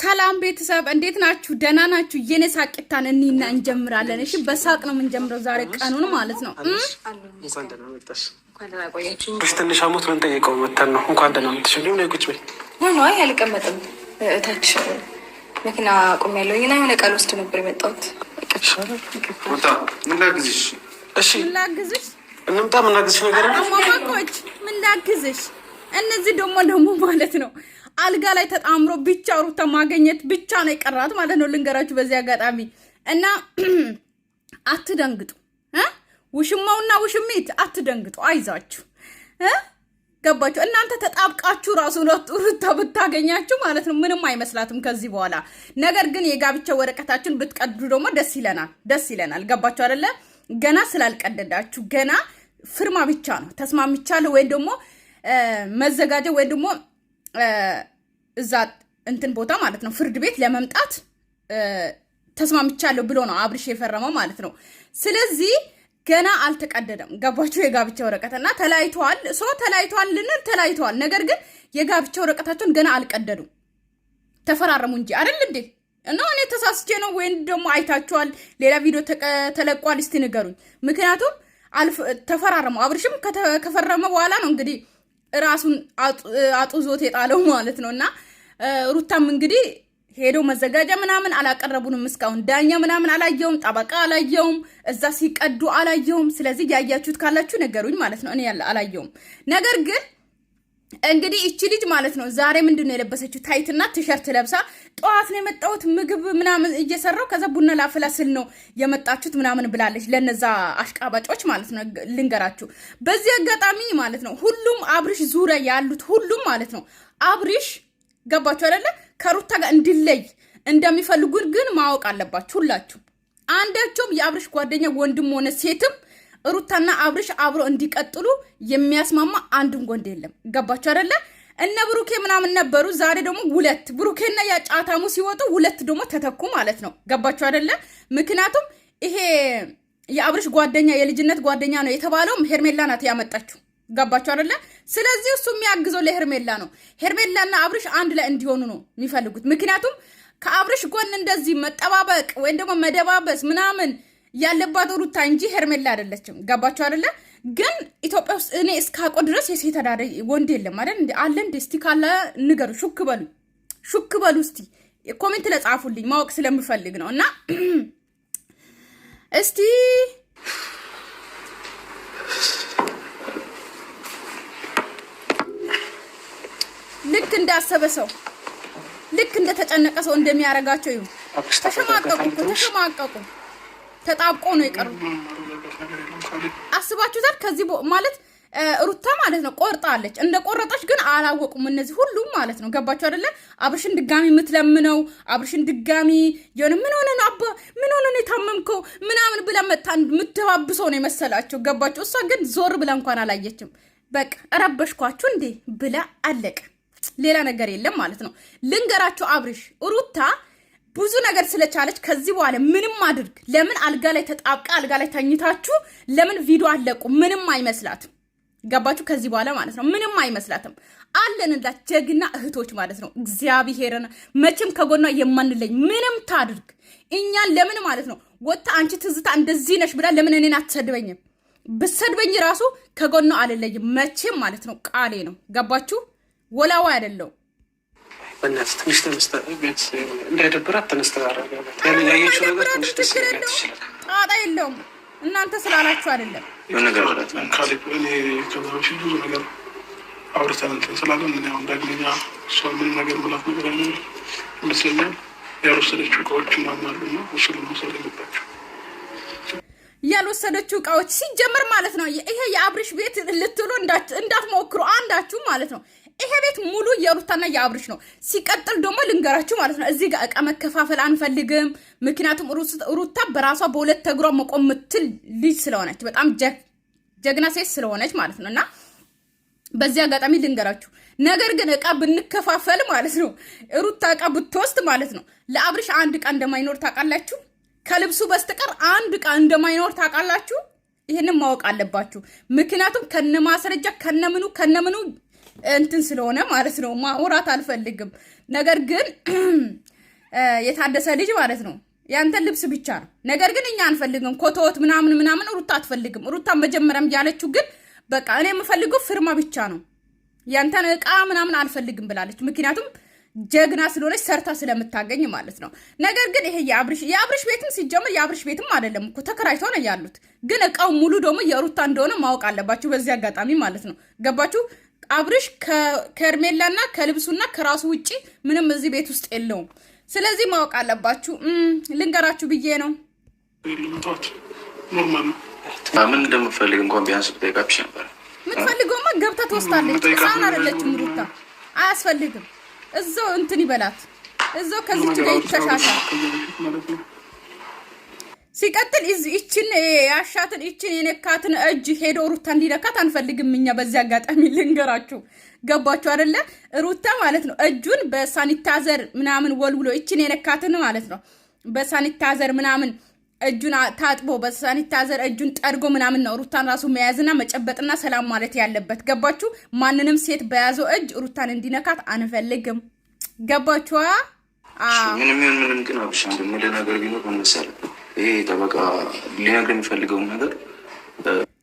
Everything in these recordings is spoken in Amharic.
ሰላም ቤተሰብ እንዴት ናችሁ? ደህና ናችሁ? የኔ ሳቂታን እኒና እንጀምራለን። እሺ በሳቅ ነው የምንጀምረው ዛሬ ቀኑን ማለት ነው። ትንሽ አሞት ምን ጠይቀው መተን ነው እንኳን ደህና መጥሽ። እንዲሁም ነው ቁጭ ሆኖ አልቀመጥም። እታች መኪና ቁም ያለው ይና የሆነ ቃል ውስጥ ነበር የመጣሁት። ምን ላግዝሽ? እሺ ምን ላግዝሽ? እንምጣ። ምን ላግዝሽ ነገር ምን ላግዝሽ? እነዚህ ደግሞ ደግሞ ማለት ነው አልጋ ላይ ተጣምሮ ብቻ ሩታ ማገኘት ብቻ ነው የቀራት ማለት ነው። ልንገራችሁ በዚህ አጋጣሚ እና አትደንግጡ። ውሽማውና ውሽሚት አትደንግጡ፣ አይዛችሁ ገባችሁ። እናንተ ተጣብቃችሁ ራሱ ሩታ ብታገኛችሁ ማለት ነው ምንም አይመስላትም ከዚህ በኋላ። ነገር ግን የጋብቻ ወረቀታችን ብትቀዱ ደግሞ ደስ ይለናል፣ ደስ ይለናል። ገባችሁ አይደለ? ገና ስላልቀደዳችሁ ገና ፍርማ ብቻ ነው ተስማምቻለሁ ወይም ደግሞ መዘጋጀት ወይም ደግሞ እዛ እንትን ቦታ ማለት ነው ፍርድ ቤት ለመምጣት ተስማምቻለሁ ብሎ ነው አብርሽ የፈረመው ማለት ነው። ስለዚህ ገና አልተቀደደም። ገባችሁ? የጋብቻ ወረቀት እና ተለያይተዋል። ሰው ተለያይተዋል ልንል ተለያይተዋል፣ ነገር ግን የጋብቻ ወረቀታቸውን ገና አልቀደዱም። ተፈራረሙ እንጂ አይደል እንዴ? እና እኔ ተሳስቼ ነው ወይም ደግሞ አይታችኋል፣ ሌላ ቪዲዮ ተለቋል፣ እስቲ ንገሩኝ። ምክንያቱም ተፈራረመው አብርሽም ከፈረመ በኋላ ነው እንግዲህ ራሱን አጡዞት የጣለው ማለት ነው። እና ሩታም እንግዲህ ሄዶ መዘጋጃ ምናምን አላቀረቡንም እስካሁን ዳኛ ምናምን አላየውም፣ ጠበቃ አላየውም፣ እዛ ሲቀዱ አላየውም። ስለዚህ ያያችሁት ካላችሁ ነገሩኝ ማለት ነው። እኔ አላየውም ነገር ግን እንግዲህ እቺ ልጅ ማለት ነው ዛሬ ምንድን ነው የለበሰችው? ታይትና ቲሸርት ለብሳ ጠዋት ነው የመጣሁት ምግብ ምናምን እየሰራው ከዛ ቡና ላፍላ ስል ነው የመጣችሁት ምናምን ብላለች። ለነዛ አሽቃባጮች ማለት ነው ልንገራችሁ። በዚህ አጋጣሚ ማለት ነው ሁሉም አብርሽ ዙሪያ ያሉት ሁሉም ማለት ነው አብርሽ ገባችሁ አይደለ? ከሩታ ጋር እንድለይ እንደሚፈልጉን ግን ማወቅ አለባችሁ ሁላችሁ። አንዳቸውም የአብርሽ ጓደኛ ወንድም ሆነ ሴትም ሩታና አብርሽ አብሮ እንዲቀጥሉ የሚያስማማ አንድም ጎንድ የለም። ገባችሁ አደለ? እነ ብሩኬ ምናምን ነበሩ። ዛሬ ደግሞ ሁለት ብሩኬና ጫታሙ ሲወጡ ሁለት ደግሞ ተተኩ ማለት ነው። ገባችሁ አደለ? ምክንያቱም ይሄ የአብርሽ ጓደኛ የልጅነት ጓደኛ ነው የተባለውም ሄርሜላ ናት ያመጣችው። ገባችሁ አይደለ? ስለዚህ እሱ የሚያግዘው ለሄርሜላ ነው። ሄርሜላና አብርሽ አንድ ላይ እንዲሆኑ ነው የሚፈልጉት። ምክንያቱም ከአብርሽ ጎን እንደዚህ መጠባበቅ ወይም ደግሞ መደባበስ ምናምን ያለባት ሩታ እንጂ ሄርሜላ አይደለችም። ገባችሁ አይደለ? ግን ኢትዮጵያ ውስጥ እኔ እስካቆ ድረስ የሴት አዳሪ ወንድ የለም አይደል? አለ እንዴ? እስቲ ካለ ንገሩ። ሹክ በሉ፣ ሹክ በሉ። እስቲ ኮሜንት ለጻፉልኝ ማወቅ ስለምፈልግ ነው። እና እስቲ ልክ እንዳሰበ ሰው ልክ እንደተጨነቀ ሰው እንደሚያደርጋቸው ይሁን። ተሸማቀቁ ተሸማቀቁ። ተጣብቆ ነው የቀሩት። አስባችሁታል? ከዚህ ማለት ሩታ ማለት ነው ቆርጣለች። እንደ ቆረጠች ግን አላወቁም እነዚህ ሁሉም ማለት ነው። ገባችሁ አደለ? አብርሽን ድጋሚ የምትለምነው አብርሽን ድጋሚ የሆነ ምን ሆነን አባ ምን ሆነን የታመምከው ምናምን ብላ መታ የምትባብሰው ነው የመሰላቸው። ገባችሁ? እሷ ግን ዞር ብላ እንኳን አላየችም። በቃ ረበሽኳችሁ እንዴ ብላ አለቀ። ሌላ ነገር የለም ማለት ነው። ልንገራችሁ አብርሽ ሩታ ብዙ ነገር ስለቻለች ከዚህ በኋላ ምንም አድርግ፣ ለምን አልጋ ላይ ተጣብቃ አልጋ ላይ ተኝታችሁ ለምን ቪዲዮ አለቁ? ምንም አይመስላትም። ገባችሁ? ከዚህ በኋላ ማለት ነው ምንም አይመስላትም። አለንላት ጀግና እህቶች ማለት ነው። እግዚአብሔርን መቼም ከጎኗ የማንለኝ ምንም ታድርግ። እኛን ለምን ማለት ነው ወጥታ አንቺ ትዝታ እንደዚህ ነሽ ብላ ለምን እኔን አትሰድበኝም? ብሰድበኝ ራሱ ከጎኗ አልለይም መቼም ማለት ነው። ቃሌ ነው። ገባችሁ? ወላዋ አይደለው በእናትህ ትንሽ ተነስተ ቤት እንዳይደብራት ያየችው ነገር ትንሽ ደስ ጣጣ የለውም። እናንተ ስላላችሁ አይደለም ብዙ ነገር አውርተን እንትን ምን ያው እሷ ምንም ነገር ብላት ነገር አይነ ይመስለኛል። ያልወሰደችው እቃዎች እሱ ለመውሰድ ያልወሰደችው እቃዎች ሲጀምር ማለት ነው። ይሄ የአብሪሽ ቤት ልትሉ እንዳትሞክሩ አንዳችሁ ማለት ነው ይሄ ቤት ሙሉ የሩታና የአብርሽ ነው። ሲቀጥል ደግሞ ልንገራችሁ ማለት ነው እዚህ ጋር እቃ መከፋፈል አንፈልግም። ምክንያቱም ሩታ በራሷ በሁለት እግሯ መቆም ምትል ልጅ ስለሆነች በጣም ጀግና ሴት ስለሆነች ማለት ነው እና በዚህ አጋጣሚ ልንገራችሁ ነገር ግን እቃ ብንከፋፈል ማለት ነው ሩታ እቃ ብትወስድ ማለት ነው ለአብርሽ አንድ እቃ እንደማይኖር ታውቃላችሁ። ከልብሱ በስተቀር አንድ እቃ እንደማይኖር ታውቃላችሁ። ይህንን ማወቅ አለባችሁ። ምክንያቱም ከነ ማስረጃ ከነምኑ ከነምኑ እንትን ስለሆነ ማለት ነው ማውራት አልፈልግም። ነገር ግን የታደሰ ልጅ ማለት ነው ያንተ ልብስ ብቻ ነው። ነገር ግን እኛ አንፈልግም ኮቶት ምናምን ምናምን ሩታ አትፈልግም። ሩታ መጀመሪያም ያለችው ግን በቃ እኔ የምፈልገው ፍርማ ብቻ ነው ያንተን እቃ ምናምን አልፈልግም ብላለች። ምክንያቱም ጀግና ስለሆነች ሰርታ ስለምታገኝ ማለት ነው። ነገር ግን ይሄ የአብርሽ የአብርሽ ቤትም ሲጀምር የአብርሽ ቤትም አይደለም እኮ ተከራይተው ነው ያሉት። ግን እቃው ሙሉ ደግሞ የሩታ እንደሆነ ማወቅ አለባችሁ በዚህ አጋጣሚ ማለት ነው። ገባችሁ? አብርሽ ከእርሜላና ከልብሱና ከራሱ ውጪ ምንም እዚህ ቤት ውስጥ የለውም። ስለዚህ ማወቅ አለባችሁ። ልንገራችሁ ብዬ ነው። ምን እንደምፈልግ እንኳን ቢያንስ ብጠይቃብሽ ነበር። የምትፈልገውማ ገብታ ትወስዳለች። ህፃን አይደለችም ሩታ፣ አያስፈልግም። እዛው እንትን ይበላት፣ እዛው ከዚች ጋር ይተሻሻል። ሲቀጥል ይችን ያሻትን ይችን የነካትን እጅ ሄዶ ሩታ እንዲነካት አንፈልግም እኛ። በዚህ አጋጣሚ ልንገራችሁ፣ ገባችሁ አደለ? ሩታ ማለት ነው እጁን በሳኒታዘር ምናምን ወልውሎ ይችን የነካትን ማለት ነው በሳኒታዘር ምናምን እጁን ታጥቦ በሳኒታዘር እጁን ጠርጎ ምናምን ነው ሩታን ራሱ መያዝና መጨበጥና ሰላም ማለት ያለበት። ገባችሁ? ማንንም ሴት በያዘው እጅ ሩታን እንዲነካት አንፈልግም። ገባችኋ? ምንም ይሁን ምንም ግን አብሻ ነገር ቢኖር መሰረት ይሄ ጠበቃ ሊነግር የሚፈልገውን ነገር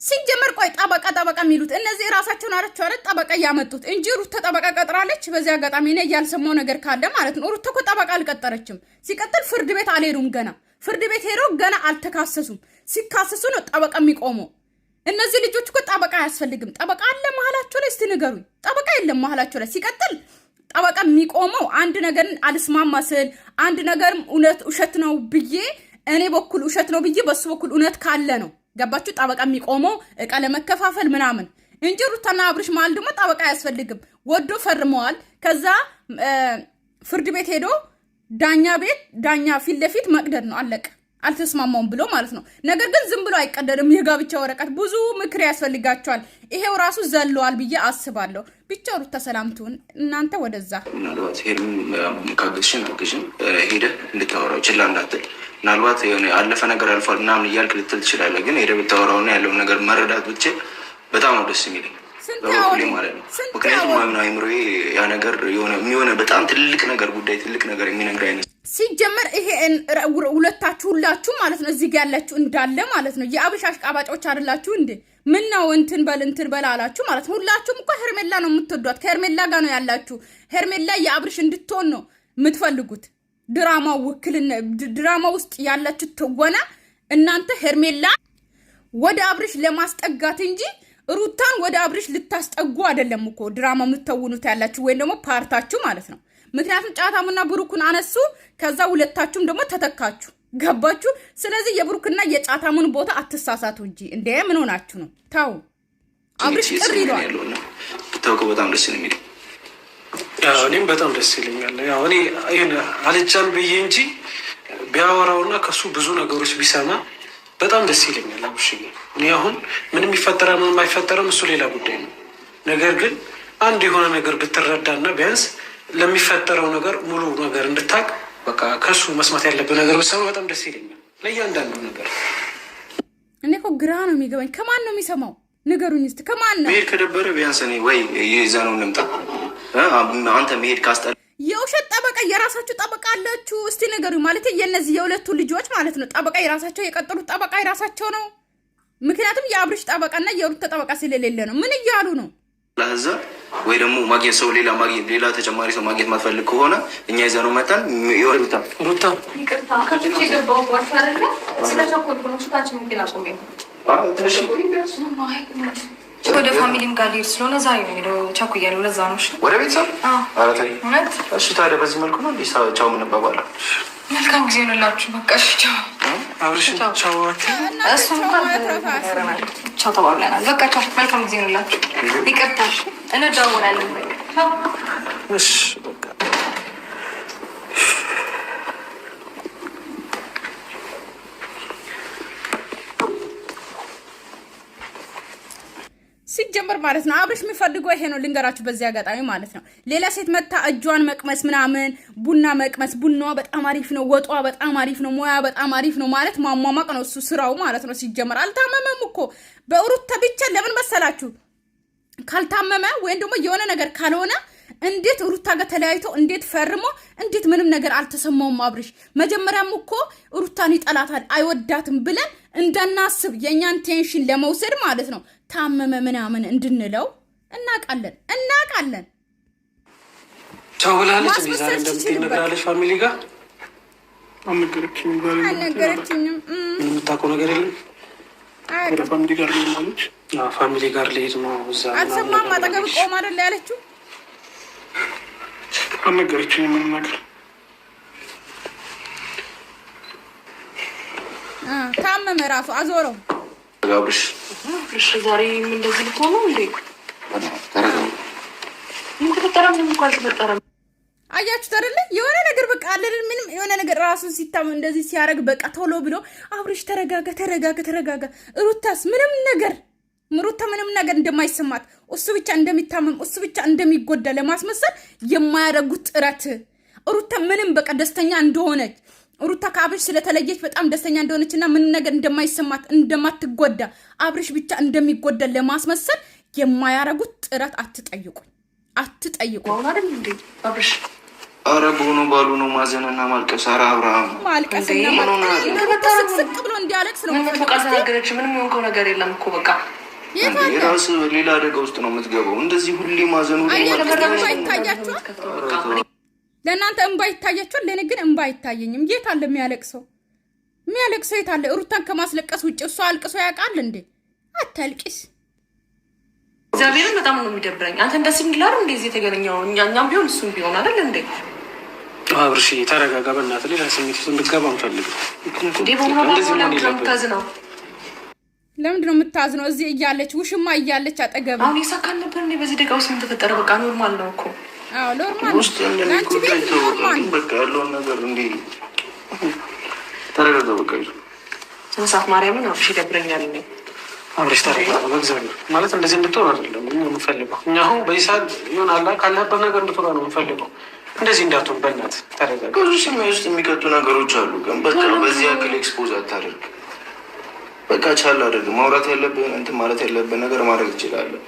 ሲጀመር ቆይ ጠበቃ ጠበቃ የሚሉት እነዚህ ራሳቸውን አለችው አረ ጠበቃ እያመጡት እንጂ ሩት ጠበቃ ቀጥራለች። በዚህ አጋጣሚ እኔ እያልሰማው ነገር ካለ ማለት ነው። ሩት እኮ ጠበቃ አልቀጠረችም። ሲቀጥል ፍርድ ቤት አልሄዱም ገና ፍርድ ቤት ሄደው ገና አልተካሰሱም። ሲካሰሱ ነው ጠበቃ የሚቆመው። እነዚህ ልጆች እኮ ጠበቃ አያስፈልግም። ጠበቃ አለ መሀላቸው ላይ እስቲ ጠበቃ የለም መሀላቸው ላይ። ሲቀጥል ጠበቃ የሚቆመው አንድ ነገርን አልስማማ ስል አንድ ነገርም እውነት ውሸት ነው ብዬ እኔ በኩል ውሸት ነው ብዬ በሱ በኩል እውነት ካለ ነው ገባችሁ ጠበቃ የሚቆመው እቃ ለመከፋፈል ምናምን እንጂ ሩታና አብርሽ መሀል ደግሞ ጠበቃ አያስፈልግም። ወዶ ፈርመዋል። ከዛ ፍርድ ቤት ሄዶ ዳኛ ቤት ዳኛ ፊት ለፊት መቅደድ ነው አለቀ። አልተስማማውም ብሎ ማለት ነው። ነገር ግን ዝም ብሎ አይቀደድም። የጋብቻ ወረቀት ብዙ ምክር ያስፈልጋቸዋል። ይሄው ራሱ ዘለዋል ብዬ አስባለሁ። ብቻ ሩት ሰላም እናንተ ወደዛ ምናልባት ሄድም ካገዝሽን አግዥን ሄደ እንድታወራው ችላ እንዳትል ምናልባት የሆነ አለፈ ነገር አልፏል ምናምን እያልክ ልትል ትችላለ። ግን ሄደህ ብታወራውና ያለውን ነገር መረዳት ብቼ በጣም ነው ደስ የሚለኝ ምክንያቱም አምና አይምሮዬ ያ ነገር የሆነ የሚሆነ በጣም ትልቅ ነገር ጉዳይ ትልቅ ነገር የሚነግር አይነት ሲጀመር ይሄ ሁለታችሁ ሁላችሁ ማለት ነው እዚህ ጋር ያላችሁ እንዳለ ማለት ነው የአበሻ አሽቃባጮች አይደላችሁ እንዴ? ምን ነው እንትን በል እንትን በል አላችሁ ማለት ነው። ሁላችሁም እኮ ሄርሜላ ነው የምትወዷት፣ ከሄርሜላ ጋር ነው ያላችሁ። ሄርሜላ የአብርሽ እንድትሆን ነው የምትፈልጉት። ድራማ ውክልና፣ ድራማ ውስጥ ያላችሁ ትወና እናንተ ሄርሜላ ወደ አብርሽ ለማስጠጋት እንጂ ሩታን ወደ አብርሽ ልታስጠጉ አይደለም እኮ ድራማ የምትተውኑት ያላችሁ ወይም ደግሞ ፓርታችሁ ማለት ነው። ምክንያቱም ጫታሙና ብሩኩን አነሱ። ከዛ ሁለታችሁም ደግሞ ተተካችሁ ገባችሁ። ስለዚህ የብሩክና የጫታሙን ቦታ አትሳሳቱ እንጂ እንደ ምን ሆናችሁ ነው? ተው አብርሽ ቅር ይለዋል። ብታውቀው በጣም ደስ ነው የሚል እኔም በጣም ደስ ይለኛል። ያው ይህን አልጃን ብዬ እንጂ ቢያወራውና ከሱ ብዙ ነገሮች ቢሰማ በጣም ደስ ይለኛል። አብርሽ እኔ አሁን ምንም ይፈጠራ ምንም አይፈጠረም እሱ ሌላ ጉዳይ ነው። ነገር ግን አንድ የሆነ ነገር ብትረዳና ቢያንስ ለሚፈጠረው ነገር ሙሉ ነገር እንድታቅ በቃ ከሱ መስማት ያለብህ ነገር ብትሰማ በጣም ደስ ይለኛል። ለእያንዳንዱ ነገር እኔ እኮ ግራ ነው የሚገባኝ። ከማን ነው የሚሰማው? ንገሩኝ እስኪ ከማን ነው? መሄድ ከደበረ ቢያንስ እኔ ወይ ይዛ ነው እንምጣ። አንተ መሄድ ካስጠላ የውሸት ጠበቃ የራሳችሁ ጠበቃ አላችሁ? እስቲ ነገሩ ማለት የእነዚህ የሁለቱ ልጆች ማለት ነው ጠበቃ የራሳቸው የቀጠሉት ጠበቃ የራሳቸው ነው። ምክንያቱም የአብርሽ ጠበቃና የሩት ጠበቃ ስለሌለ ነው። ምን እያሉ ነው እዛ ወይ ደግሞ ማግኘት ሰው ሌላ ማግኘት ሌላ ተጨማሪ ሰው ማግኘት ማትፈልግ ከሆነ እኛ ይዘ ነው መጣን። ሩታ ሩታ ወደ ፋሚሊም ጋር ሊሄድ ስለሆነ ዛሬ ነው ሄደው ቸኩያለሁ። ለዛ ነው ወደ ቤተሰብ። እሺ ታዲያ በዚህ መልኩ ነው ቻው የምንባባለው። መልካም ጊዜ ሆነላችሁ። በቃ ቻው ተባብለናል። በቃ ቻው፣ መልካም ጊዜ ሆነላችሁ። ይቀርታል፣ እንደዋወላለን። ሲጀመር ማለት ነው አብርሽ የሚፈልገው ይሄ ነው። ልንገራችሁ በዚህ አጋጣሚ ማለት ነው ሌላ ሴት መታ እጇን መቅመስ ምናምን ቡና መቅመስ፣ ቡናዋ በጣም አሪፍ ነው፣ ወጧ በጣም አሪፍ ነው፣ ሞያ በጣም አሪፍ ነው ማለት ማሟሟቅ ነው። እሱ ስራው ማለት ነው። ሲጀመር አልታመመም እኮ በሩታ ብቻ። ለምን መሰላችሁ? ካልታመመ ወይም ደግሞ የሆነ ነገር ካልሆነ እንዴት ሩታ ጋር ተለያይቶ እንዴት ፈርሞ እንዴት ምንም ነገር አልተሰማውም? አብርሽ መጀመሪያም እኮ ሩታን ይጠላታል አይወዳትም ብለን እንዳናስብ የእኛን ቴንሽን ለመውሰድ ማለት ነው ታመመ ምናምን እንድንለው እናቃለን እናቃለን ቻው ብላለች። እንደ ዛሬ እንደምትሄድ ነግራለች። ፋሚሊ ጋር አልነገረችኝም። የምታውቀው ነገር የለም። ፋሚሊ ጋር ልሄድ ፋሚሊ ጋር ልሄድ ነው። እዛ አትሰማም። አጠገብ ቆም አይደለ ያለችው። አልነገረችኝም ምንም ነገር። ታመመ ራሱ አዞረው። ጋብርሽ ዛሬ እንደዚህ ልትሆኑ እንዴ? ተፈጠረ ምንም እንኳ አልተፈጠረም። አያችሁት አይደለ? የሆነ ነገር በቃ አለልን ምንም የሆነ ነገር ራሱን ሲታም እንደዚህ ሲያደርግ በቃ ቶሎ ብሎ አብርሽ ተረጋጋ፣ ተረጋጋ፣ ተረጋጋ። ሩታስ ምንም ነገር ምሩታ ምንም ነገር እንደማይሰማት እሱ ብቻ እንደሚታመም እሱ ብቻ እንደሚጎዳ ለማስመሰል የማያደርጉት ጥረት ሩታ ምንም በቃ ደስተኛ እንደሆነች ሩታ ከአብርሽ ስለተለየች በጣም ደስተኛ እንደሆነች እና ምንም ነገር እንደማይሰማት እንደማትጎዳ አብርሽ ብቻ እንደሚጎዳ ለማስመሰል የማያደርጉት ጥረት አትጠይቁኝ፣ አትጠይቁኝ። አረ በሆኑ ባሉ ነው ማዘንና ማልቀስ። አረ አብርሃም ማልቀስ ስቅስቅ ብሎ እንዲያለቅስ ነው። በቃ ተናገረች። ምንም የሆንከው ነገር የለም እኮ በቃ የራስ ሌላ አደጋ ውስጥ ነው የምትገባው። እንደዚህ ሁሌ ማዘኑ ለእናንተ እንባ ይታያችኋል፣ ለእኔ ግን እንባ አይታየኝም። የት አለ የሚያለቅሰው? የሚያለቅሰው የት አለ? ሩታን ከማስለቀስ ውጭ እሷ አልቅሶ ያውቃል እንዴ? አታልቅስ። እግዚአብሔርን በጣም ነው የሚደብረኝ። አንተ እንደዚህ የሚላሉ እንደዚህ የተገናኘው እኛም ቢሆን እሱም ቢሆን አይደል እንዴ አብርሽ ተረጋጋ፣ በእናትህ ሌላ ስሜት ውስጥ እንድትገባ አንፈልግም። ለምንድን ነው የምታዝነው? እዚህ እያለች ውሽማ እያለች አጠገብ አሁን የሳካል ነበር እንዴ? በዚህ ደቂቃ ውስጥ ምን በቃ ኖርማል ነው እኮ አዎ፣ ኖርማል ውስጥ ለአንቺ ቤት ኖርማል በቃ ያለውን ነገር እንዲ ተረጋጋ። በቃ እንሳት ማርያምን አብርሽ ይደብረኛል እኔ አብሬሽ ታሪክ በእግዚአብሔር ማለት እንደዚህ እንድትሆን አይደለም የምንፈልገው እኛ አሁን በዚህ ሰዓት ይሆናላ ካለበት ነገር እንድትሆን ነው የምንፈልገው እንደዚህ እንዳትሆን በእናት ተረጋ። ብዙ ስሜ ውስጥ የሚቀጡ ነገሮች አሉ፣ ግን በቃ በዚህ ያክል ኤክስፖዝ አታደርግ። በቃ ቻል አድርግ። ማውራት ያለብህን እንትን ማለት ያለብህን ነገር ማድረግ ትችላለህ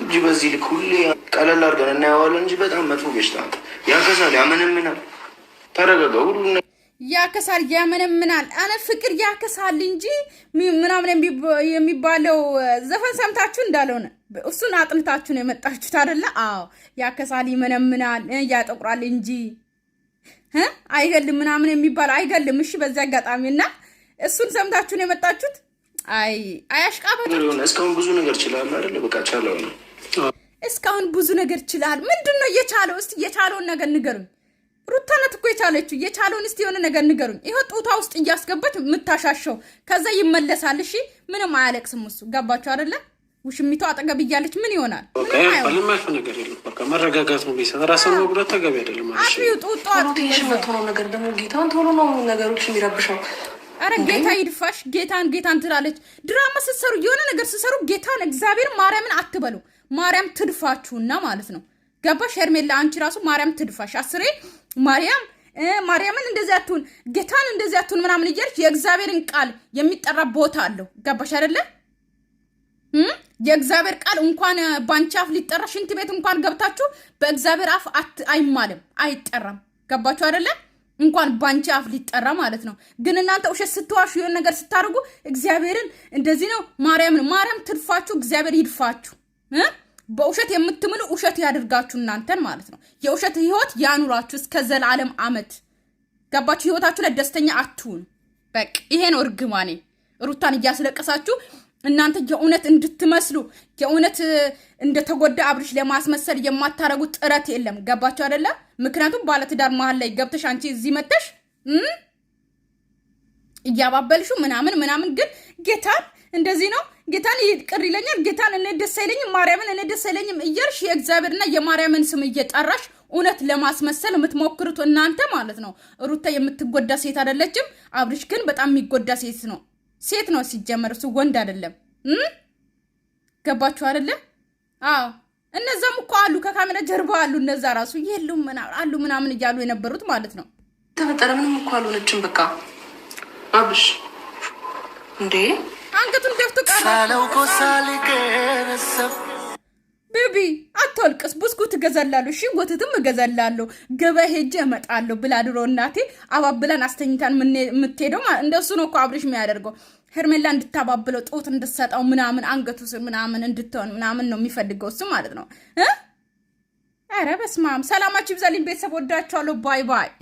እንጂ በዚህ ልክ ሁሌ ቀለል አድርገን እናየዋለን እንጂ በጣም መጥፎ በሽታ ያከሳል፣ ያመነምናል። ተረጋጋ ሁሉ ያከሳል ያመነምናል። አነ ፍቅር ያከሳል እንጂ ምናምን የሚባለው ዘፈን ሰምታችሁ እንዳልሆነ እሱን አጥንታችሁ ነው የመጣችሁት አደለ? አዎ ያከሳል፣ ይመነምናል፣ ያጠቁራል እንጂ አይገልም ምናምን የሚባል አይገልም። እሺ በዚህ አጋጣሚ እና እሱን ሰምታችሁ ነው የመጣችሁት። አይ አያሽቃበጥ እስካሁን ብዙ ነገር ችላል አደለ? በቃ ቻለው ነው እስካሁን ብዙ ነገር ችላል። ምንድን ነው የቻለው? እስቲ የቻለውን ነገር ንገሩኝ። ሩታ ናት እኮ የቻለችው። የቻለውን እስቲ የሆነ ነገር ንገሩኝ። ይኸው ጡቷ ውስጥ እያስገባች የምታሻሸው ከዛ ይመለሳል። እሺ ምንም አያለቅስም እሱ። ገባችሁ አይደለ? ውሽሚቷ አጠገብ እያለች ምን ይሆናል? ልማፍ ነገር የለም። መረጋጋት ነው የሚሰጥ። ራስን መጉዳት ተገቢ አይደለም። ሽመትሆነው ነገር ደግሞ ጌታን ቶሎ ነው ነገሮች የሚረብሸው። አረ ጌታ ይድፋሽ። ጌታን ጌታን ትላለች። ድራማ ስትሰሩ፣ የሆነ ነገር ስትሰሩ ጌታን እግዚአብሔር ማርያምን አትበሉ። ማርያም ትድፋችሁና ማለት ነው ገባሽ ሄርሜላ? አንቺ ራሱ ማርያም ትድፋሽ አስሬ ማርያም ማርያምን እንደዚህ አትሁን፣ ጌታን እንደዚህ አትሁን ምናምን እያልሽ የእግዚአብሔርን ቃል የሚጠራ ቦታ አለው። ገባሽ አይደለ? የእግዚአብሔር ቃል እንኳን ባንቺ አፍ ሊጠራ ሽንት ቤት እንኳን ገብታችሁ በእግዚአብሔር አፍ አይማልም፣ አይጠራም። ገባችሁ አይደለ? እንኳን ባንቺ አፍ ሊጠራ ማለት ነው። ግን እናንተ ውሸት ስትዋሹ፣ የሆነ ነገር ስታደርጉ እግዚአብሔርን እንደዚህ ነው ማርያምን ማርያም ትድፋችሁ፣ እግዚአብሔር ይድፋችሁ። በውሸት የምትምሉ ውሸት ያድርጋችሁ እናንተን ማለት ነው። የውሸት ህይወት ያኑራችሁ እስከ ዘላለም አመት። ገባችሁ? ህይወታችሁ ላይ ደስተኛ አትሁን። በቃ ይሄ ነው እርግማኔ። ሩታን እያስለቀሳችሁ እናንተ የእውነት እንድትመስሉ የእውነት እንደተጎዳ አብርሽ ለማስመሰል የማታረጉት ጥረት የለም። ገባችሁ አደለ? ምክንያቱም ባለትዳር መሀል ላይ ገብተሽ አንቺ እዚህ መተሽ እያባበልሹ ምናምን ምናምን ግን ጌታን እንደዚህ ነው ጌታን ቅር ይለኛል፣ ጌታን እኔ ደስ አይለኝም፣ ማርያምን እኔ ደስ አይለኝም እያልሽ የእግዚአብሔርና የማርያምን ስም እየጠራሽ እውነት ለማስመሰል የምትሞክሩት እናንተ ማለት ነው። ሩታ የምትጎዳ ሴት አይደለችም። አብርሽ ግን በጣም የሚጎዳ ሴት ነው። ሴት ነው ሲጀመር፣ እሱ ወንድ አይደለም። ገባችሁ አይደለ? አዎ። እነዛም እኮ አሉ፣ ከካሜራ ጀርባ አሉ። እነዛ ራሱ የሉም አሉ ምናምን እያሉ የነበሩት ማለት ነው። ተፈጠረ ምንም እኮ አልሆነችም። በቃ አብሽ እንዴ አንገቱን ደፍቶ ቀረ። ቤቢ አታልቅስ፣ ብስኩት እገዛላለሁ፣ እሺ ወተትም እገዛላለሁ፣ ገበያ ሄጄ እመጣለሁ ብላ ድሮ እናቴ አባብላን አስተኝታን የምትሄደው እንደሱ ነው እኮ አብርሽ የሚያደርገው። ሄርሜላ እንድታባብለው ጦት እንድትሰጠው ምናምን አንገቱ ስር ምናምን እንድትሆን ምናምን ነው የሚፈልገው እሱ ማለት ነው። ኧረ በስመ አብ። ሰላማችሁ ይብዛልኝ ቤተሰብ፣ ወዳችኋለሁ። ባይ ባይ።